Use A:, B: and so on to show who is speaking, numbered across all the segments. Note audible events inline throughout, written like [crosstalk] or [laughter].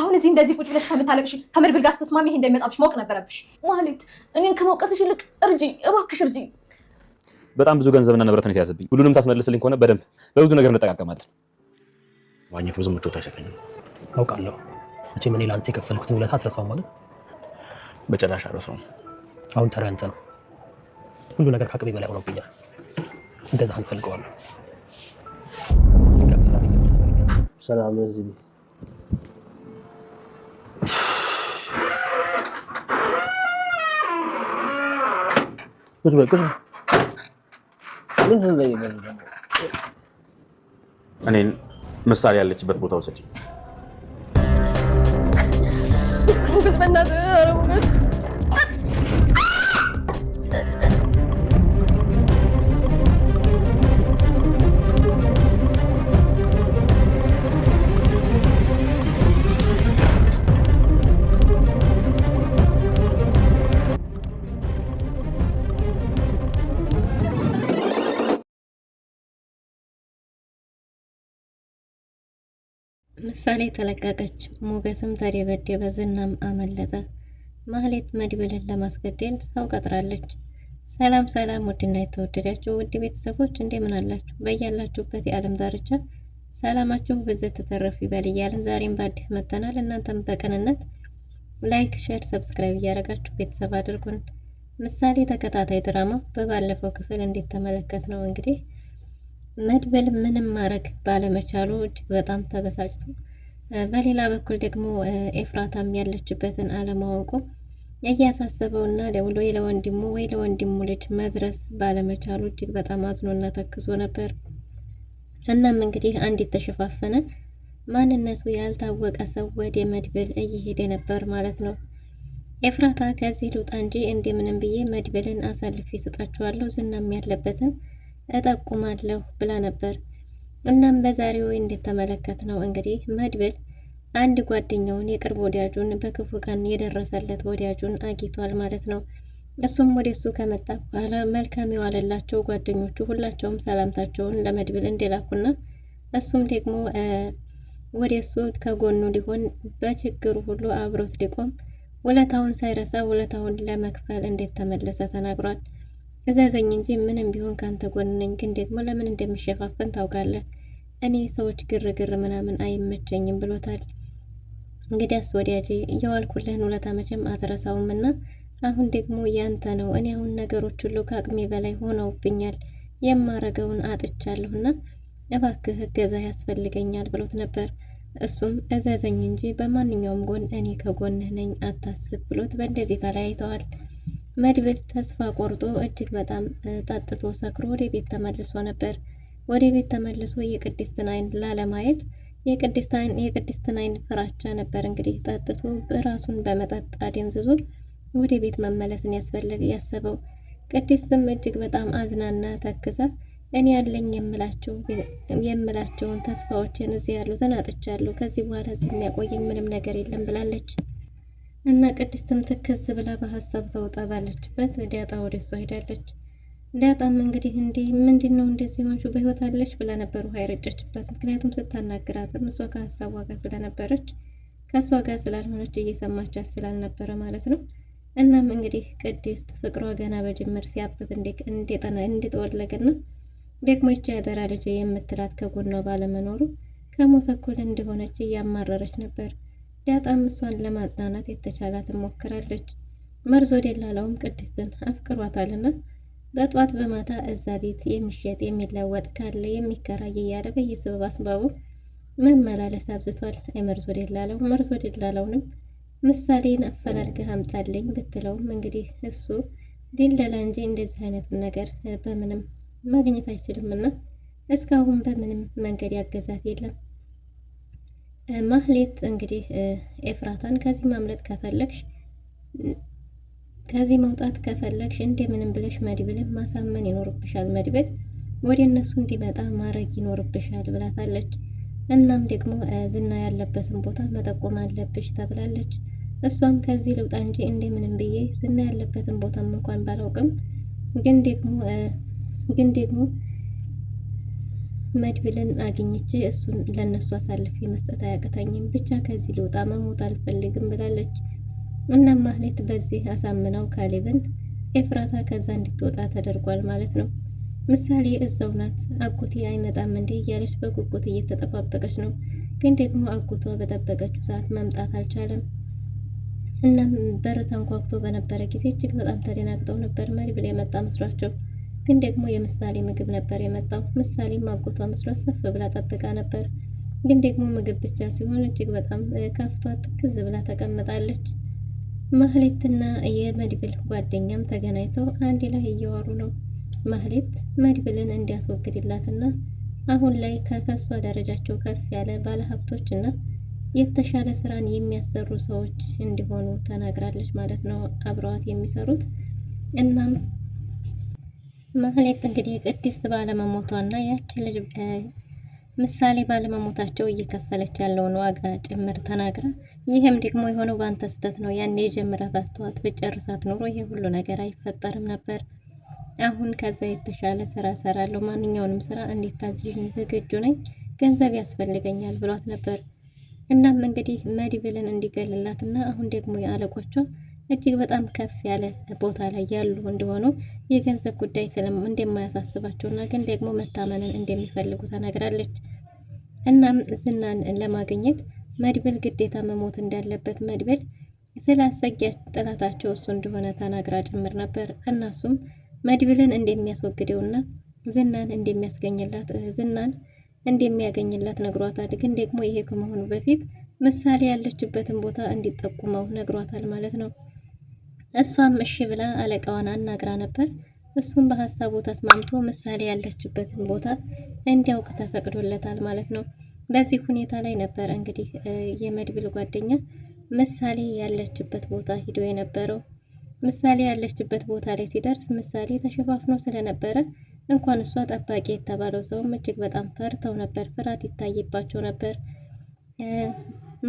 A: አሁን እዚህ እንደዚህ ቁጭ ብለሽ ከምታለቅሽ ከምድብል ጋር ስተስማሚ ይሄ እንደሚመጣብሽ ማወቅ ነበረብሽ። ማለት እኔን ከመውቀስሽ ይልቅ እርጂ እባክሽ እርጂ።
B: በጣም ብዙ ገንዘብና ንብረትን የተያዘብኝ ሁሉንም ታስመልስልኝ ከሆነ በደንብ በብዙ ነገር እንጠቃቀማለን።
C: ማግኘት ብዙ ምቾት አይሰጠኝም
D: አውቃለሁ። መቼ ምን ለአንተ የከፈልኩትን ውለታ አትረሳውም ማለት
C: በጭራሽ አልረሳውም።
D: አሁን ተራ አንተ ነው። ሁሉ ነገር ከአቅሜ በላይ ሆኖብኛል። እንደዛ እንፈልገዋለሁ።
E: ሰላም ቁጭ በይ ምንድን ነው የበለው?
C: እኔን ምሳሌ ያለችበት ቦታ ውሰጪ።
A: [laughs] ምሳሌ ተለቀቀች። ሞገስም ተደበደበ፣ ዝናም አመለጠ። ማህሌት መድብልን ለማስገደል ሰው ቀጥራለች። ሰላም ሰላም! ውድና የተወደዳችሁ ውድ ቤተሰቦች እንደምን አላችሁ? በያላችሁበት የዓለም ዳርቻ ሰላማችሁ ብዝ ተተረፉ ይበል እያለን ዛሬም በአዲስ መጥተናል። እናንተም በቅንነት ላይክ፣ ሼር፣ ሰብስክራይብ እያደረጋችሁ ቤተሰብ አድርጉን። ምሳሌ ተከታታይ ድራማ በባለፈው ክፍል እንዴት ተመለከት ነው እንግዲህ መድበል ምንም ማድረግ ባለመቻሉ እጅግ በጣም ተበሳጭቶ፣ በሌላ በኩል ደግሞ ኤፍራታም ያለችበትን አለማወቁ እያሳሰበው እና ደውሎ ወይ ለወንድሙ ወይ ለወንድሙ ልጅ መድረስ ባለመቻሉ እጅግ በጣም አዝኖና ተክዞ ነበር። እናም እንግዲህ አንድ የተሸፋፈነ ማንነቱ ያልታወቀ ሰው ወደ መድብል እየሄደ ነበር ማለት ነው። ኤፍራታ ከዚህ ልውጣ እንጂ እንደምንም ብዬ መድብልን አሳልፌ ይሰጣችኋለሁ ዝናም ያለበትን እጠቁማለሁ ብላ ነበር። እናም በዛሬው እንደተመለከት ነው እንግዲህ መድብል አንድ ጓደኛውን የቅርብ ወዳጁን በክፉ ቀን የደረሰለት ወዳጁን አግኝቷል ማለት ነው። እሱም ወደ እሱ ከመጣ በኋላ መልካም የዋለላቸው ጓደኞቹ ሁላቸውም ሰላምታቸውን ለመድብል እንደላኩና እሱም ደግሞ ወደ እሱ ከጎኑ ሊሆን በችግሩ ሁሉ አብሮት ሊቆም ውለታውን ሳይረሳ ውለታውን ለመክፈል እንደተመለሰ ተናግሯል። እዘዘኝ እንጂ ምንም ቢሆን ካንተ ጎን ነኝ። ግን ደግሞ ለምን እንደሚሸፋፈን ታውቃለህ። እኔ ሰዎች ግርግር ምናምን አይመቸኝም ብሎታል። እንግዲያስ ወዳጄ የዋልኩልህን ውለታ መቼም አትረሳውም እና አሁን ደግሞ ያንተ ነው። እኔ አሁን ነገሮች ሁሉ ከአቅሜ በላይ ሆነውብኛል። የማረገውን አጥቻለሁና እባክህ እገዛ ያስፈልገኛል ብሎት ነበር። እሱም እዘዘኝ እንጂ በማንኛውም ጎን እኔ ከጎንህ ነኝ፣ አታስብ ብሎት በእንደዚህ ተለያይተዋል። መድብል ተስፋ ቆርጦ እጅግ በጣም ጠጥቶ ሰክሮ ወደ ቤት ተመልሶ ነበር። ወደ ቤት ተመልሶ የቅድስትን አይን ላለማየት የቅድስትን አይን ፍራቻ ነበር። እንግዲህ ጠጥቶ ራሱን በመጠጥ አደንዝዞ ወደ ቤት መመለስን ያስፈልግ ያሰበው። ቅድስትም እጅግ በጣም አዝናና ተክዛ እኔ ያለኝ የምላቸውን ተስፋዎችን እዚህ ያሉትን አጥቻለሁ። ከዚህ በኋላ እዚህ የሚያቆየኝ ምንም ነገር የለም ብላለች። እና ቅድስትም ትክዝ ብላ በሀሳብ ተውጣ ባለችበት ዳጣ ወደ እሷ ሄዳለች። ዳጣም እንግዲህ እንዴ ምንድን ነው እንደዚህ ሆንሹ በህይወት አለች ብላ ነበር ውሃ የረጨችበት። ምክንያቱም ስታናግራትም እሷ ከሀሳቧ ጋር ስለነበረች ከእሷ ጋር ስላልሆነች እየሰማቻት ስላልነበረ ማለት ነው። እናም እንግዲህ ቅድስት ፍቅሯ ገና በጅምር ሲያብብ እንዴጠና እንደጠወለገና ደግሞ ይቺ ያደራ ልጅ የምትላት ከጎኗ ባለመኖሩ ከሞተ እኩል እንደሆነች እያማረረች ነበር። ዳጣም እሷን ለማጽናናት የተቻላትን ሞክራለች። መርዞ ደላላውም ቅድስትን አፍቅሯታልና በጧት በማታ እዛ ቤት የሚሸጥ የሚለወጥ ካለ የሚከራይ እያለ በየሰበብ አስባቡ መመላለስ አብዝቷል። የመርዞ ደላላው መርዞ ደላላውንም ምሳሌን አፈላልገህ አምጣልኝ ብትለውም እንግዲህ እሱ ድለላ እንጂ እንደዚህ አይነቱን ነገር በምንም ማግኘት አይችልምና እስካሁን በምንም መንገድ ያገዛት የለም። ማህሌት እንግዲህ ኤፍራታን ከዚህ ማምለጥ ከፈለግሽ ከዚህ መውጣት ከፈለግሽ እንደምንም ብለሽ መድብልን ማሳመን ይኖርብሻል፣ መድብል ወደ እነሱ እንዲመጣ ማድረግ ይኖርብሻል ብላታለች። እናም ደግሞ ዝና ያለበትን ቦታ መጠቆም አለብሽ ተብላለች። እሷም ከዚህ ልውጣ እንጂ እንደምንም ብዬ ዝና ያለበትን ቦታም እንኳን ባላውቅም ግን ደግሞ ግን ደግሞ መድብልን አግኝቼ እሱን ለነሱ አሳልፌ መስጠት አያቅተኝም፣ ብቻ ከዚህ ልውጣ፣ መሞት አልፈልግም ብላለች። እናም ማህሌት በዚህ አሳምነው ካሌብን ኤፍራታ ከዛ እንድትወጣ ተደርጓል ማለት ነው። ምሳሌ እዛው ናት። አጎቴ አይመጣም እንዴ እያለች በጉጉት እየተጠባበቀች ነው። ግን ደግሞ አጎቷ በጠበቀችው ሰዓት መምጣት አልቻለም። እናም በር ተንኳኩቶ በነበረ ጊዜ እጅግ በጣም ተደናግጠው ነበር። መድብል የመጣ መስሏቸው ግን ደግሞ የምሳሌ ምግብ ነበር የመጣው። ምሳሌ ማጎቷ መስሏት ሰፍ ብላ ጠብቃ ነበር። ግን ደግሞ ምግብ ብቻ ሲሆን እጅግ በጣም ከፍቷ ትክዝ ብላ ተቀምጣለች። ማህሌትና የመድብል ጓደኛም ተገናኝተው አንድ ላይ እየዋሩ ነው። ማህሌት መድብልን እንዲያስወግድላትና አሁን ላይ ከከሷ ደረጃቸው ከፍ ያለ ባለሀብቶች እና የተሻለ ስራን የሚያሰሩ ሰዎች እንዲሆኑ ተናግራለች ማለት ነው አብረዋት የሚሰሩት እናም ማህሌት እንግዲህ ቅድስት እና ያቺ ልጅ ምሳሌ ባለመሞታቸው እየከፈለች ያለውን ዋጋ ጭምር ተናግራ ይህም ደግሞ የሆነው በአንተ ስህተት ነው፣ ያኔ ጀምረህ ባትተዋት ብጨርሳት ኖሮ ይሄ ሁሉ ነገር አይፈጠርም ነበር። አሁን ከዛ የተሻለ ስራ ሰራለሁ፣ ማንኛውንም ስራ እንዴት እንዲታዝዥ ዝግጁ ነኝ፣ ገንዘብ ያስፈልገኛል ብሏት ነበር። እናም እንግዲህ መድብልን እንዲገልላትና አሁን ደግሞ የአለቆቿ እጅግ በጣም ከፍ ያለ ቦታ ላይ ያሉ እንደሆኑ የገንዘብ ጉዳይ እንደማያሳስባቸውና ግን ደግሞ መታመንን እንደሚፈልጉ ተናግራለች። እናም ዝናን ለማግኘት መድብል ግዴታ መሞት እንዳለበት መድብል ስላሰጊያ ጥላታቸው እሱ እንደሆነ ተናግራ ጭምር ነበር። እናሱም መድብልን እንደሚያስወግደውና ዝናን እንደሚያስገኝላት ዝናን እንደሚያገኝላት ነግሯታል። ግን ደግሞ ይሄ ከመሆኑ በፊት ምሳሌ ያለችበትን ቦታ እንዲጠቁመው ነግሯታል ማለት ነው። እሷም እሺ ብላ አለቃዋን አናግራ ነበር። እሱም በሀሳቡ ተስማምቶ ምሳሌ ያለችበትን ቦታ እንዲያውቅ ተፈቅዶለታል ማለት ነው። በዚህ ሁኔታ ላይ ነበር እንግዲህ የመድብል ጓደኛ ምሳሌ ያለችበት ቦታ ሂዶ የነበረው። ምሳሌ ያለችበት ቦታ ላይ ሲደርስ ምሳሌ ተሸፋፍኖ ስለነበረ እንኳን እሷ ጠባቂ የተባለው ሰውም እጅግ በጣም ፈርተው ነበር። ፍርሃት ይታይባቸው ነበር።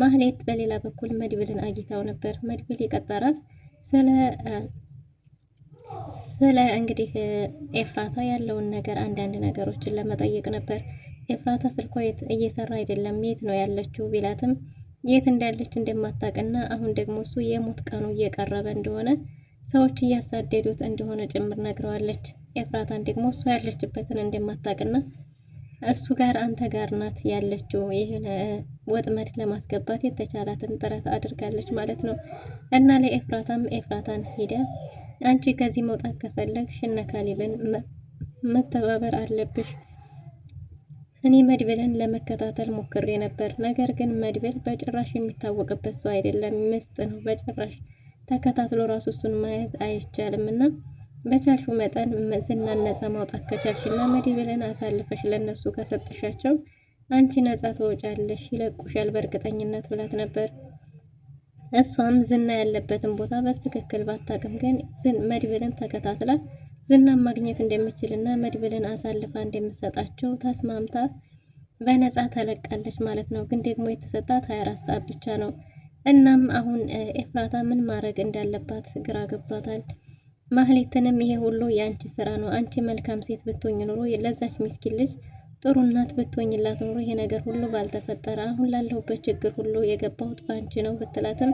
A: ማህሌት በሌላ በኩል መድብልን አግኝታው ነበር። መድብል የቀጠራት ስለ ስለ እንግዲህ ኤፍራታ ያለውን ነገር አንዳንድ ነገሮችን ለመጠየቅ ነበር። ኤፍራታ ስልኳ እየሰራ አይደለም፣ የት ነው ያለችው ቢላትም የት እንዳለች እንደማታውቅና አሁን ደግሞ እሱ የሞት ቀኑ እየቀረበ እንደሆነ ሰዎች እያሳደዱት እንደሆነ ጭምር ነግረዋለች። ኤፍራታን ደግሞ እሱ ያለችበትን እንደማታውቅና እሱ ጋር አንተ ጋር ናት ያለችው። የሆነ ወጥመድ ለማስገባት የተቻላትን ጥረት አድርጋለች ማለት ነው። እና ለኤፍራታም ኤፍራታን ሄደ አንቺ ከዚህ መውጣት ከፈለግሽ እነ ካሌብን መተባበር አለብሽ። እኔ መድብልን ለመከታተል ሞክሬ ነበር፣ ነገር ግን መድብል በጭራሽ የሚታወቅበት ሰው አይደለም። ምስጥ ነው በጭራሽ ተከታትሎ ራሱ እሱን ማየት አይቻልም እና በቻልሹ መጠን ዝናን ነጻ ማውጣት ከቻልሽ እና መድብልን አሳልፈሽ ለነሱ ከሰጠሻቸው አንቺ ነጻ ተወጫለሽ፣ ይለቁሻል በእርግጠኝነት ብላት ነበር። እሷም ዝና ያለበትን ቦታ በስትክክል ባታቅም ግን መድብልን ተከታትላ ዝናን ማግኘት እንደምችል መድብልን አሳልፋ እንደምሰጣቸው ተስማምታ በነፃ ተለቃለች ማለት ነው። ግን ደግሞ የተሰጣት 24 ሰዓት ብቻ ነው። እናም አሁን ኤፍራታ ምን ማድረግ እንዳለባት ግራ ገብቷታል። ማህሌትንም ይሄ ሁሉ የአንቺ ስራ ነው። አንቺ መልካም ሴት ብትሆኝ ኑሮ ለዛች ሚስኪን ልጅ ጥሩ እናት ብትሆኝላት ኑሮ ይሄ ነገር ሁሉ ባልተፈጠረ። አሁን ላለሁበት ችግር ሁሉ የገባሁት በአንቺ ነው ብትላትም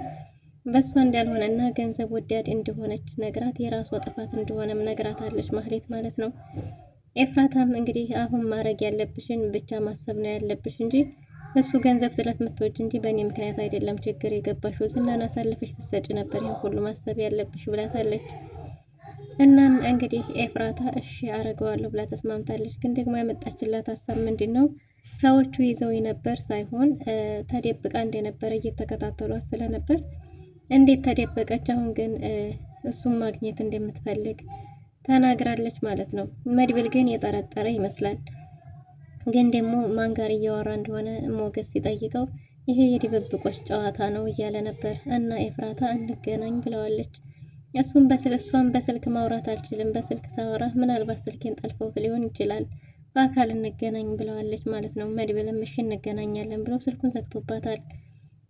A: በእሷ እንዳልሆነና ገንዘብ ወዳድ እንደሆነች ነግራት የራሷ ጥፋት እንደሆነም ነግራታለች ማህሌት ማለት ነው። ኤፍራታም እንግዲህ አሁን ማድረግ ያለብሽን ብቻ ማሰብ ነው ያለብሽ እንጂ እሱ ገንዘብ ስለምትወጅ እንጂ በእኔ ምክንያት አይደለም ችግር የገባሽው። ዝናን አሳልፈሽ ትሰጭ ነበር ይህ ሁሉ ማሰብ ያለብሽ ብላታለች። እናም እንግዲህ ኤፍራታ እሺ አረገዋለሁ ብላ ተስማምታለች። ግን ደግሞ ያመጣችላት ሀሳብ ምንድን ነው? ሰዎቹ ይዘው የነበር ሳይሆን ተደብቃ እንደነበረ እየተከታተሏት ስለነበር እንዴት ተደበቀች? አሁን ግን እሱን ማግኘት እንደምትፈልግ ተናግራለች ማለት ነው። መድብል ግን የጠረጠረ ይመስላል። ግን ደግሞ ማን ጋር እያወራ እንደሆነ ሞገስ ሲጠይቀው ይሄ የድብብቆች ጨዋታ ነው እያለ ነበር። እና ኤፍራታ እንገናኝ ብለዋለች። እሱም በስልክ እሷን በስልክ ማውራት አልችልም። በስልክ ሳወራ ምናልባት ስልኬን ጠልፈውት ሊሆን ይችላል በአካል እንገናኝ ብለዋለች ማለት ነው። መድብልም እሺ እንገናኛለን ብሎ ስልኩን ዘግቶባታል።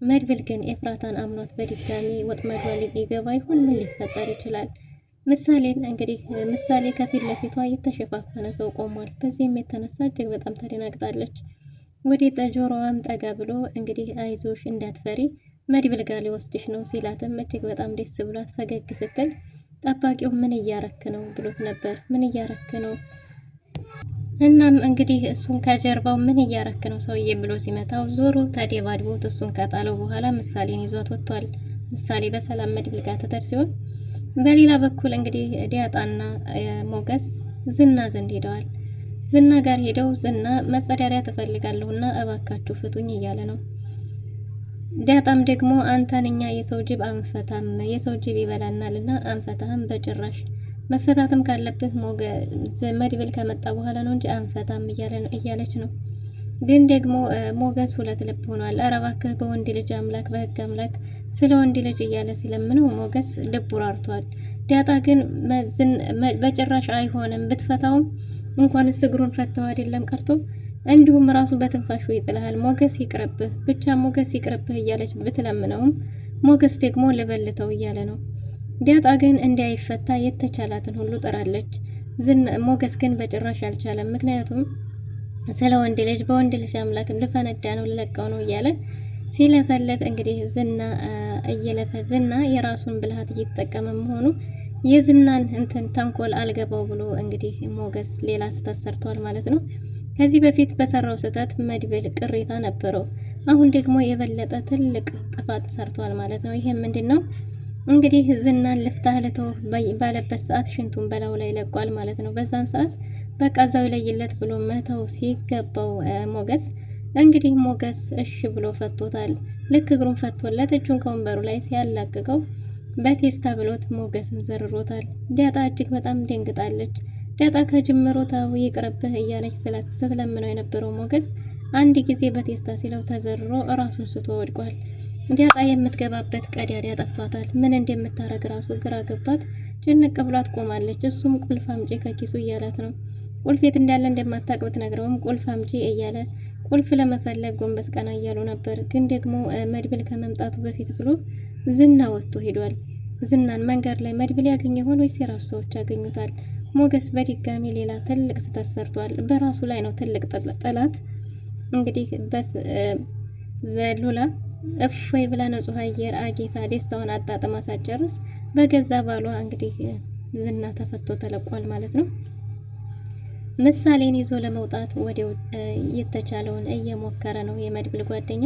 A: መድብል ግን ኤፍራታን አምኗት በድጋሚ ወጥመዷ ሊገባ ይሆን? ምን ሊፈጠር ይችላል? ምሳሌን እንግዲህ ምሳሌ ከፊት ለፊቷ የተሸፋፈነ ሰው ቆሟል። በዚህም የተነሳ እጅግ በጣም ተደናግጣለች። ወደ ጆሮዋም ጠጋ ብሎ እንግዲህ አይዞሽ እንዳትፈሪ መድብል ጋር ሊወስድሽ ነው ሲላትም እጅግ በጣም ደስ ብሏት ፈገግ ስትል ጠባቂው ምን እያረክ ነው ብሎት ነበር። ምን እያረክ ነው? እናም እንግዲህ እሱን ከጀርባው ምን እያረክ ነው ሰውዬ ብሎ ሲመታው ዞሮ ተደባድቦት እሱን ከጣለው በኋላ ምሳሌን ይዟት ወጥቷል። ምሳሌ በሰላም መድብል ጋር ተተር ሲሆን በሌላ በኩል እንግዲህ ዲያጣና ሞገስ ዝና ዘንድ ሄደዋል። ዝና ጋር ሄደው ዝና መጸዳሪያ ትፈልጋለሁና እባካችሁ ፍቱኝ እያለ ነው ዳጣም ደግሞ አንተን እኛ የሰው ጅብ አንፈታም፣ የሰው ጅብ ይበላናል እና አንፈታህም በጭራሽ። መፈታትም ካለብህ ሞገ መድብል ከመጣ በኋላ ነው እንጂ አንፈታም እያለች ነው። ግን ደግሞ ሞገስ ሁለት ልብ ሆኗል። ኧረ እባክህ በወንድ ልጅ አምላክ፣ በህግ አምላክ ስለ ወንድ ልጅ እያለ ሲለምነው ሞገስ ልቡ ራርቷል። ዳጣ ግን በጭራሽ አይሆንም፣ ብትፈታውም እንኳንስ እግሩን ፈተው አይደለም ቀርቶ እንዲሁም ራሱ በትንፋሹ ይጥልሃል። ሞገስ ይቅረብህ ብቻ ሞገስ ይቅረብህ እያለች ብትለምነውም ሞገስ ደግሞ ልበልተው እያለ ነው። ዳጣ ግን እንዳይፈታ የተቻላትን ሁሉ ጥራለች። ሞገስ ግን በጭራሽ አልቻለም። ምክንያቱም ስለ ወንድ ልጅ በወንድ ልጅ አምላክም ልፈነዳ ነው ልለቀው ነው እያለ ሲለፈልፍ እንግዲህ ዝና እየለፈ ዝና የራሱን ብልሃት እየተጠቀመ መሆኑ የዝናን እንትን ተንኮል አልገባው ብሎ እንግዲህ ሞገስ ሌላ ስህተት ሰርቷል ማለት ነው። ከዚህ በፊት በሰራው ስህተት መድብል ቅሬታ ነበረው። አሁን ደግሞ የበለጠ ትልቅ ጥፋት ሰርቷል ማለት ነው። ይሄ ምንድን ነው እንግዲህ ዝናን ልፍታህ ልተው ባለበት ሰዓት ሽንቱን በላው ላይ ለቋል ማለት ነው። በዛን ሰዓት በቃ እዛው ይለይለት ብሎ መተው ሲገባው ሞገስ እንግዲህ ሞገስ እሺ ብሎ ፈቶታል። ልክ እግሩን ፈቶለት እጁን ከወንበሩ ላይ ሲያላቅቀው በቴስታ ብሎት ሞገስን ዘርሮታል። ዳጣ እጅግ በጣም ደንግጣለች። ዳጣ ከጅምሮ ታቡ ይቅርብህ እያለች ስትለምነው የነበረው ሞገስ አንድ ጊዜ በቴስታ ሲለው ተዘርሮ ራሱን ስቶ ወድቋል። ዳጣ የምትገባበት ቀዳዳ ጠፍቷታል። ምን እንደምታረግ ራሱ ግራ ገብቷት ጭንቅ ብሏት ቆማለች። እሱም ቁልፍ አምጪ ከኪሱ እያላት ነው። ቁልፍ የት እንዳለ እንደማታውቅ ብትነግረውም ቁልፍ አምጪ እያለ ቁልፍ ለመፈለግ ጎንበስ ቀና እያሉ ነበር። ግን ደግሞ መድብል ከመምጣቱ በፊት ብሎ ዝና ወጥቶ ሄዷል። ዝናን መንገድ ላይ መድብል ያገኘ ሆኖ የራሱ ሰዎች ያገኙታል። ሞገስ በድጋሚ ሌላ ትልቅ ስህተት ሰርቷል። በራሱ ላይ ነው ትልቅ ጠላት። እንግዲህ በስ ዘሉላ እፎይ ብላ ንጹህ አየር አጌታ ደስታውን አጣጥማ ሳጨርስ በገዛ ባሏ እንግዲህ ዝና ተፈቶ ተለቋል ማለት ነው። ምሳሌን ይዞ ለመውጣት ወዲያው የተቻለውን እየሞከረ ነው የመድብል ጓደኛ።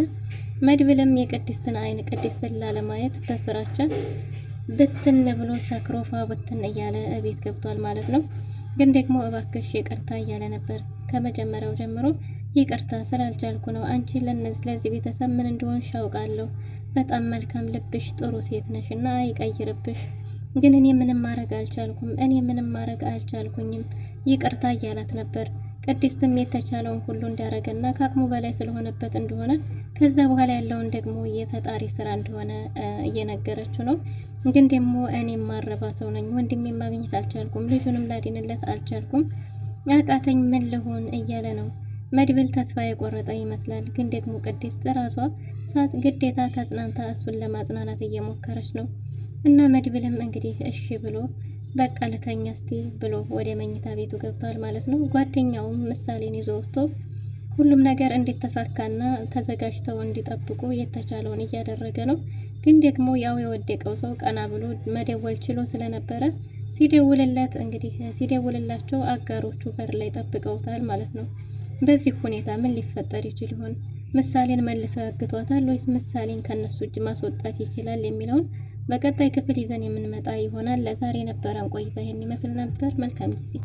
A: መድብልም የቅድስትን አይን ቅድስትን ላለማየት ተፍራቻ ብትን ብሎ ሰክሮፋ ብትን እያለ ቤት ገብቷል ማለት ነው። ግን ደግሞ እባክሽ ይቅርታ እያለ ነበር ከመጀመሪያው ጀምሮ ይቅርታ ስላልቻልኩ ነው። አንቺ ለዚህ ቤተሰብ ምን እንደሆንሽ አውቃለሁ። በጣም መልካም ልብሽ፣ ጥሩ ሴት ነሽ እና አይቀይርብሽ። ግን እኔ ምንም ማድረግ አልቻልኩም፣ እኔ ምንም ማድረግ አልቻልኩኝም ይቅርታ እያላት ነበር። ቅድስትም የተቻለውን ሁሉ እንዳረገና ከአቅሙ በላይ ስለሆነበት እንደሆነ ከዛ በኋላ ያለውን ደግሞ የፈጣሪ ስራ እንደሆነ እየነገረችው ነው። ግን ደግሞ እኔ ማረባ ሰው ነኝ። ወንድሜ ማግኘት አልቻልኩም፣ ልጁንም ላድንለት አልቻልኩም፣ አቃተኝ፣ ምን ልሆን እያለ ነው መድብል ተስፋ የቆረጠ ይመስላል። ግን ደግሞ ቅድስት ራሷ ሳት ግዴታ ተጽናንታ እሱን ለማጽናናት እየሞከረች ነው። እና መድብልም እንግዲህ እሺ ብሎ በቃ ለተኛ እስቲ ብሎ ወደ መኝታ ቤቱ ገብቷል ማለት ነው። ጓደኛውም ምሳሌን ይዞ ወጥቶ ሁሉም ነገር እንዲተሳካና ተዘጋጅተው እንዲጠብቁ የተቻለውን እያደረገ ነው። ግን ደግሞ ያው የወደቀው ሰው ቀና ብሎ መደወል ችሎ ስለነበረ ሲደውልለት እንግዲህ ሲደውልላቸው አጋሮቹ በር ላይ ጠብቀውታል ማለት ነው። በዚህ ሁኔታ ምን ሊፈጠር ይችል ይሆን? ምሳሌን መልሰው ያግቷታል ወይስ ምሳሌን ከነሱ እጅ ማስወጣት ይችላል የሚለውን በቀጣይ ክፍል ይዘን የምንመጣ ይሆናል። ለዛሬ የነበረን ቆይታ ይህን ይመስል ነበር። መልካም ጊዜ